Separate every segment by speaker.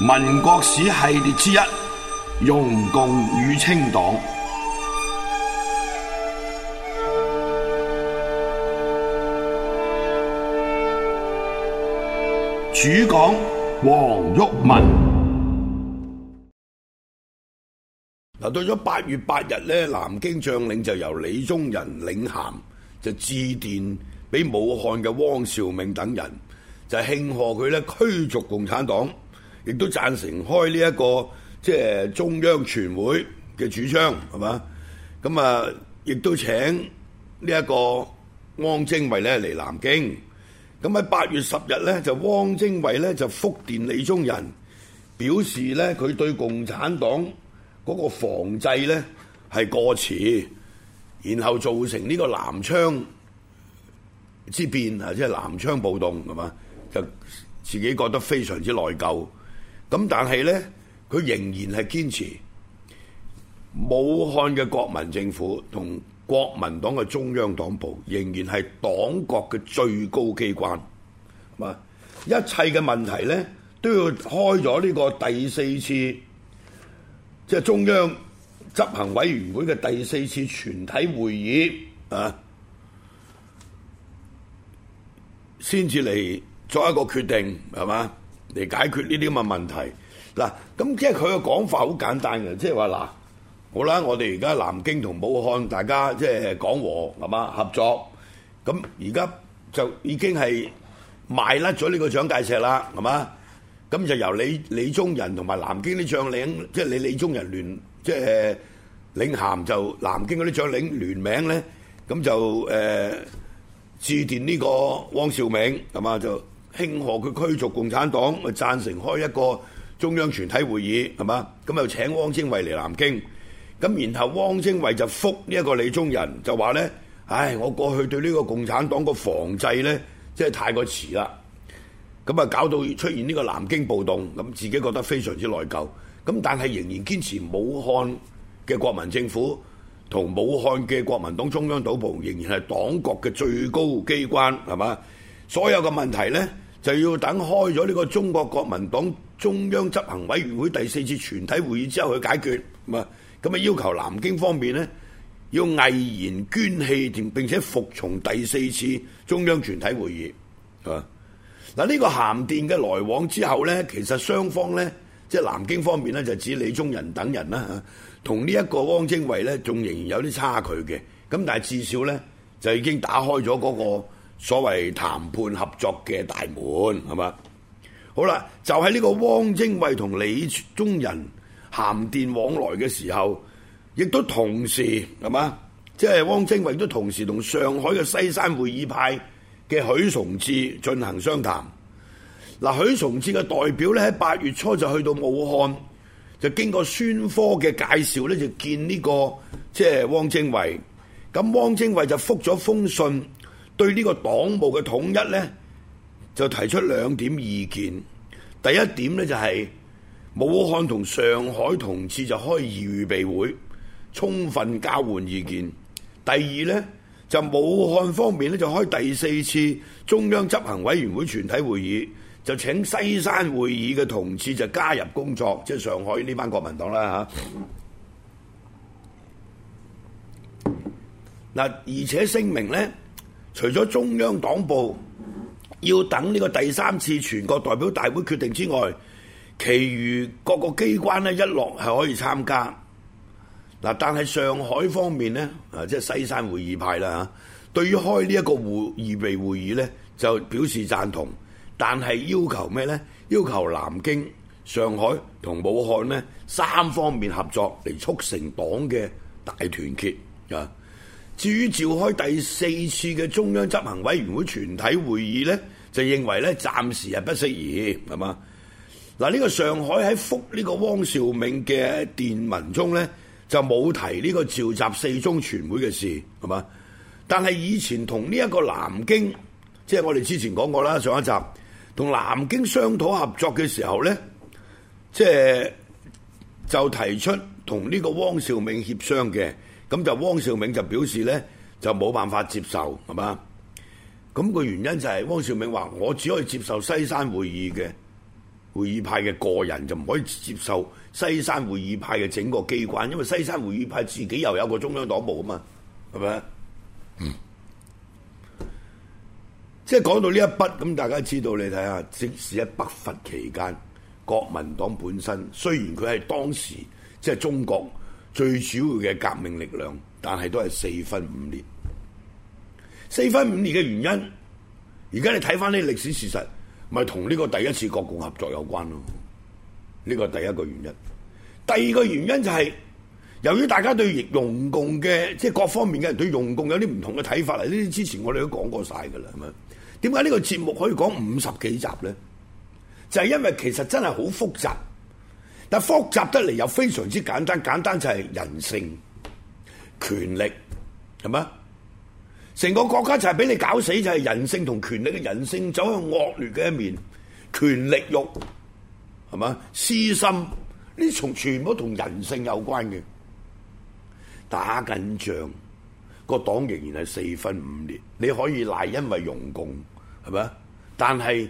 Speaker 1: 民國史系列之一，容共與清黨，主講黃毓民。嗱，到咗八月八日咧，南京將領就由李宗仁領銜，就致電俾武漢嘅汪兆銘等人，就慶賀佢咧驅逐共產黨。亦都贊成開呢、這、一個即係中央全會嘅主張，係嘛？咁啊，亦都請呢一個汪精衛咧嚟南京。咁喺八月十日咧，汪就汪精衛咧就復電李宗仁，表示咧佢對共產黨嗰個防制咧係過遲，然後造成呢個南昌之變啊，即係南昌暴動，係嘛？就自己覺得非常之內疚。咁但係呢，佢仍然係堅持，武漢嘅國民政府同國民黨嘅中央黨部仍然係黨國嘅最高機關。一切嘅問題呢，都要開咗呢個第四次，即係中央執行委員會嘅第四次全體會議啊，先至嚟作一個決定，係嘛？嚟解決呢啲咁嘅問題，嗱咁即係佢嘅講法好簡單嘅，即係話嗱好啦，我哋而家南京同武漢大家即係講和，係嘛，合作，咁而家就已經係賣甩咗呢個蔣介石啦，係嘛？咁就由李李宗仁同埋南京啲將領，即係李李宗仁聯即係領銜就南京嗰啲將領聯名咧，咁就誒、呃、致電呢個汪兆銘咁嘛就。慶賀佢驅逐共產黨，誒贊成開一個中央全體會議，係嘛？咁又請汪精衛嚟南京，咁然後汪精衛就覆呢一個李宗仁，就話呢：「唉，我過去對呢個共產黨個防制呢，即係太過遲啦。咁啊，搞到出現呢個南京暴動，咁自己覺得非常之內疚。咁但係仍然堅持武漢嘅國民政府同武漢嘅國民黨中央黨部仍然係黨國嘅最高機關，係嘛？所有嘅問題呢，就要等開咗呢個中國國民黨中央執行委員會第四次全體會議之後去解決。咁啊，咁啊要求南京方面呢，要毅然捐棄，並並且服從第四次中央全體會議。啊，嗱、這、呢個函電嘅來往之後呢，其實雙方呢，即係南京方面呢，就指李宗仁等人啦，同呢一個汪精衛呢，仲仍然有啲差距嘅。咁但係至少呢，就已經打開咗嗰、那個。所謂談判合作嘅大門係嘛？好啦，就喺、是、呢個汪精衛同李宗仁函電往來嘅時候，亦都同時係嘛？即係、就是、汪精衛都同時同上海嘅西山會議派嘅許崇智進行商談。嗱，許崇智嘅代表呢喺八月初就去到武漢，就經過孫科嘅介紹呢，就見呢、這個即係、就是、汪精衛。咁汪精衛就覆咗封信。對呢個黨務嘅統一呢，就提出兩點意見。第一點呢，就係武漢同上海同志就開預備會，充分交換意見。第二呢，就武漢方面呢，就開第四次中央執行委員會全體會議，就請西山會議嘅同志就加入工作，即係上海呢班國民黨啦吓。嗱，而且聲明呢。除咗中央黨部要等呢個第三次全國代表大會決定之外，其餘各個機關呢，一落係可以參加。嗱，但係上海方面呢啊，即係西山會議派啦嚇，對於開呢一個會預備會議呢，就表示贊同，但係要求咩呢？要求南京、上海同武漢呢三方面合作嚟促成黨嘅大團結啊！至於召開第四次嘅中央執行委員會全體會議呢，就認為呢，暫時係不適宜，係嘛？嗱、這、呢個上海喺覆呢個汪兆銘嘅電文中呢，就冇提呢個召集四中全會嘅事，係嘛？但係以前同呢一個南京，即、就、係、是、我哋之前講過啦，上一集同南京商討合作嘅時候呢，即、就、係、是、就提出同呢個汪兆銘協商嘅。咁就汪兆銘就表示呢，就冇辦法接受，係嘛？咁個原因就係、是、汪兆銘話，我只可以接受西山會議嘅會議派嘅個人，就唔可以接受西山會議派嘅整個機關，因為西山會議派自己又有一個中央黨部啊嘛，係咪？嗯，即係講到呢一筆，咁大家知道，你睇下，即使喺北伐期間，國民黨本身雖然佢係當時即係中國。最主要嘅革命力量，但係都係四分五裂。四分五裂嘅原因，而家你睇翻呢啲歷史事實，咪同呢個第一次國共合作有關咯。呢個第一個原因，第二個原因就係由於大家對容共嘅，即係各方面嘅人對容共有啲唔同嘅睇法嚟。呢啲之前我哋都講過晒㗎啦，係咪？點解呢個節目可以講五十幾集咧？就係因為其實真係好複雜。但複雜得嚟又非常之簡單，簡單就係人性、權力，係嘛？成個國家就係俾你搞死，就係、是、人性同權力嘅人性走向惡劣嘅一面，權力慾係嘛？私心呢？從全部同人性有關嘅打緊仗，個黨仍然係四分五裂。你可以賴因為容共係咪？但係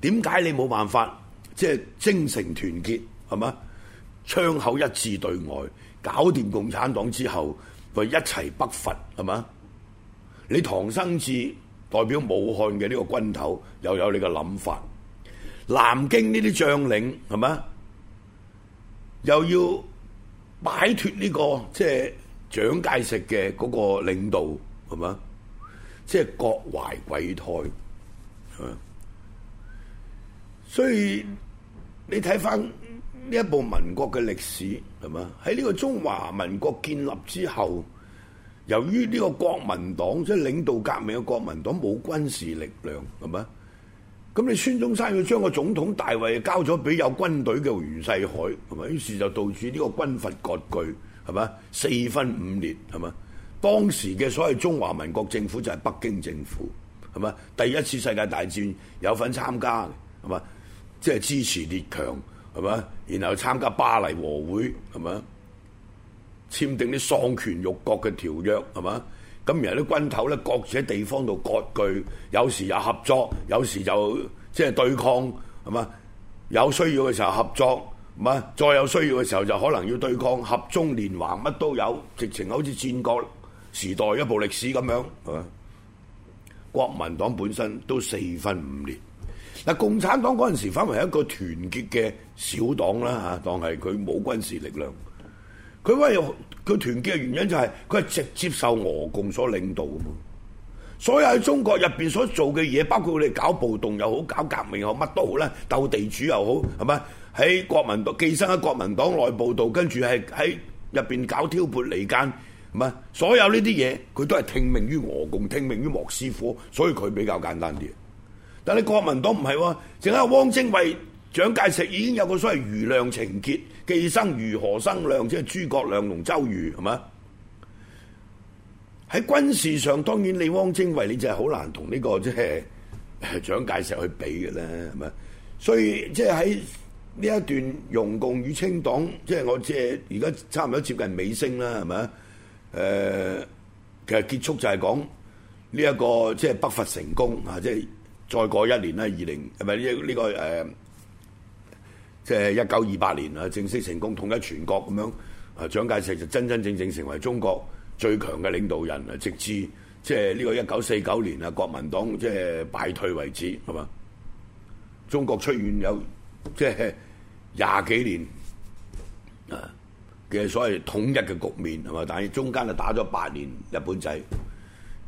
Speaker 1: 點解你冇辦法即係、就是、精誠團結？係嘛？窗口一致對外，搞掂共產黨之後，佢一齊北伐，係嘛？你唐生智代表武漢嘅呢個軍頭，又有你個諗法。南京呢啲將領，係嘛？又要擺脫呢個，即係蔣介石嘅嗰個領導，係嘛？即係各懷鬼胎，係嘛？所以你睇翻。呢一部民國嘅歷史係嘛？喺呢個中華民國建立之後，由於呢個國民黨即係領導革命嘅國民黨冇軍事力量係嘛？咁你孫中山要將個總統大位交咗俾有軍隊嘅袁世凱係咪？於是就導致呢個軍閥割據係嘛？四分五裂係嘛？當時嘅所謂中華民國政府就係北京政府係嘛？第一次世界大戰有份參加係嘛？即係、就是、支持列強。係嘛？然後參加巴黎和會，係嘛？簽訂啲喪權辱國嘅條約，係嘛？咁然後啲軍頭咧，各自喺地方度割據，有時又合作，有時就即係對抗，係嘛？有需要嘅時候合作，係嘛？再有需要嘅時候就可能要對抗，合縱連橫乜都有，直情好似戰國時代一部歷史咁樣，係嘛？國民黨本身都四分五裂。嗱，共產黨嗰陣時反為一個團結嘅小黨啦，嚇當係佢冇軍事力量，佢為佢團結嘅原因就係佢係直接受俄共所領導嘅嘛，所有喺中國入邊所做嘅嘢，包括佢哋搞暴動又好，搞革命又好，乜都好咧，鬥地主又好，係咪喺國民黨寄生喺國民黨內部度，跟住係喺入邊搞挑撥離間，係咪所有呢啲嘢佢都係聽命於俄共，聽命於莫斯科，所以佢比較簡單啲。但你國民黨唔係喎，淨係汪精衛、蔣介石已經有個所謂瑜亮情結，寄生如何生亮，即係諸葛亮同周瑜，係嘛？喺軍事上當然你汪精衛你就係好難同呢、呢個即係蔣介石去比嘅咧，係咪？所以即係喺呢一段容共與清黨，即係我即係而家差唔多接近尾聲啦，係咪啊？誒，其實結束就係講呢、這、一個即係北伐成功啊，即係。再過一年呢，二零唔係呢呢個誒，即係一九二八年啊，正式成功統一全國咁樣，啊，蔣介石就真真正正成為中國最強嘅領導人啊，直至即係呢個一九四九年啊，國民黨即係敗退為止，係嘛？中國出現有即係廿幾年啊嘅所謂統一嘅局面係嘛？但係中間就打咗八年日本仔。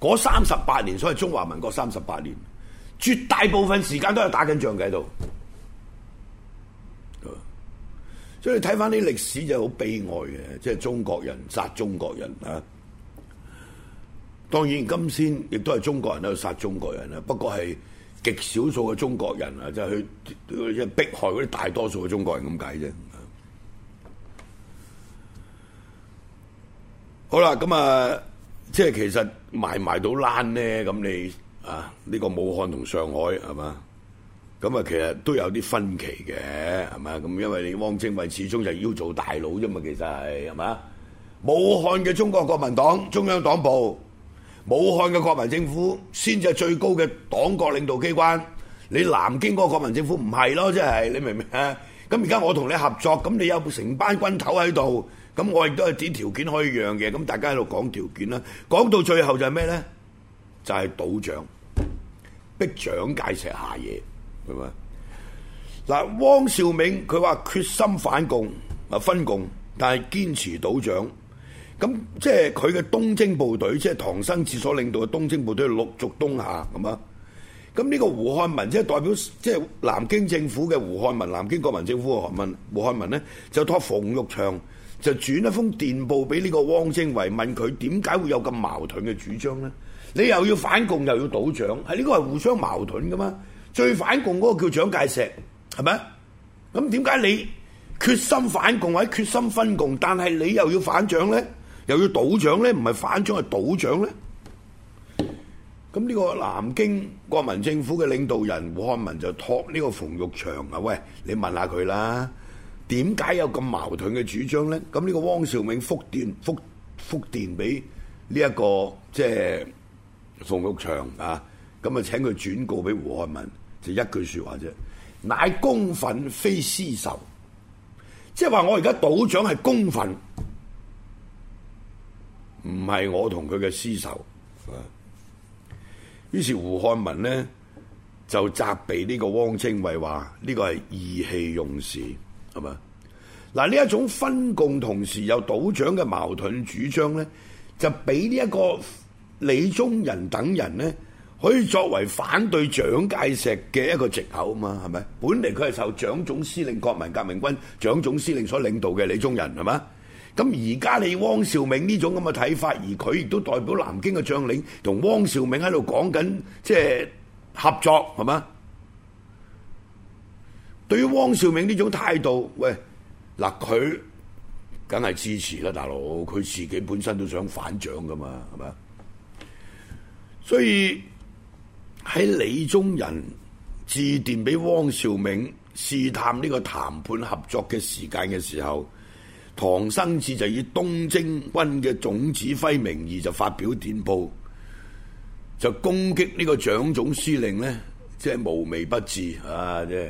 Speaker 1: 嗰三十八年，所謂中華民國三十八年，絕大部分時間都係打緊仗喺度、嗯。所以你睇翻啲歷史就好悲哀嘅，即係中國人殺中國人啊！當然今先亦都係中國人喺度殺中國人啦，不過係極少數嘅中國人啊，就去逼害嗰啲大多數嘅中國人咁解啫。好啦，咁啊～即係其實埋埋到爛咧，咁你啊呢個武漢同上海係嘛，咁啊其實都有啲分歧嘅係嘛，咁因為你汪精衛始終就要做大佬啫嘛，其實係係嘛？武漢嘅中國國民黨中央黨部，武漢嘅國民政府先至係最高嘅黨國領導機關，你南京嗰個國民政府唔係咯，即係你明唔明啊？咁而家我同你合作，咁你有成班軍頭喺度。咁我亦都係點條件可以讓嘅，咁大家喺度講條件啦，講到最後就係咩咧？就係、是、倒蔣，逼蔣介石下野，明嘛？嗱，汪兆銘佢話決心反共啊，分共，但係堅持倒蔣。咁即係佢嘅東征部隊，即、就、係、是、唐生智所領導嘅東征部隊陸續東下咁啊。咁呢個胡漢民即係、就是、代表，即、就、係、是、南京政府嘅胡漢民，南京國民政府嘅胡漢民，胡漢民呢，就託馮玉祥。就轉一封電報俾呢個汪精衛，問佢點解會有咁矛盾嘅主張呢？你又要反共又要倒蔣，係呢個係互相矛盾噶嘛？最反共嗰個叫蔣介石，係咪？咁點解你決心反共，或者決心分共，但係你又要反蔣呢？又要倒蔣呢？唔係反蔣係倒蔣呢？咁呢個南京國民政府嘅領導人胡漢民就託呢個馮玉祥啊，喂，你問下佢啦。點解有咁矛盾嘅主張咧？咁呢個汪兆銘復電復復電俾呢一個即係馮玉祥啊，咁啊請佢轉告俾胡漢民，就一句説話啫，乃公憤非私仇，即係話我而家倒蔣係公憤，唔係我同佢嘅私仇。啊、於是胡漢民呢，就責備呢個汪精衛話呢、呢個係意氣用事。係嘛？嗱，呢一種分共同時又倒蔣嘅矛盾主張呢，就俾呢一個李宗仁等人呢，可以作為反對蔣介石嘅一個借口啊嘛？係咪？本嚟佢係受蔣總司令、國民革命軍蔣總司令所領導嘅李宗仁，係嘛？咁而家你汪兆銘呢種咁嘅睇法，而佢亦都代表南京嘅將領同汪兆銘喺度講緊，即係合作，係嘛？對於汪兆銘呢種態度，喂，嗱佢梗係支持啦，大佬佢自己本身都想反蔣㗎嘛，係嘛？所以喺李宗仁致電俾汪兆銘試探呢個談判合作嘅時間嘅時候，唐生智就以東征軍嘅總指揮名義就發表電報，就攻擊呢個蔣總司令呢，即係無微不至啊，即係。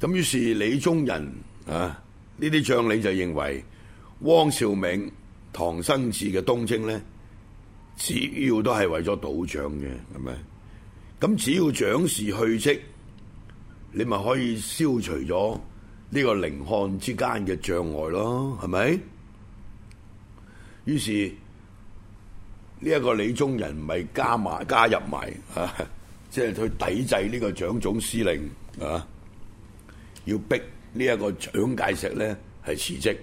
Speaker 1: 咁於是李宗仁啊呢啲將領就認為汪兆銘、唐生智嘅東征呢，只要都係為咗倒蔣嘅，係咪？咁只要蔣氏去職，你咪可以消除咗呢個寧漢之間嘅障礙咯，係咪？於是呢一、這個李宗仁咪加埋加入埋啊，即、就、係、是、去抵制呢個蔣總司令啊。要逼呢一個蔣介石咧係辭職。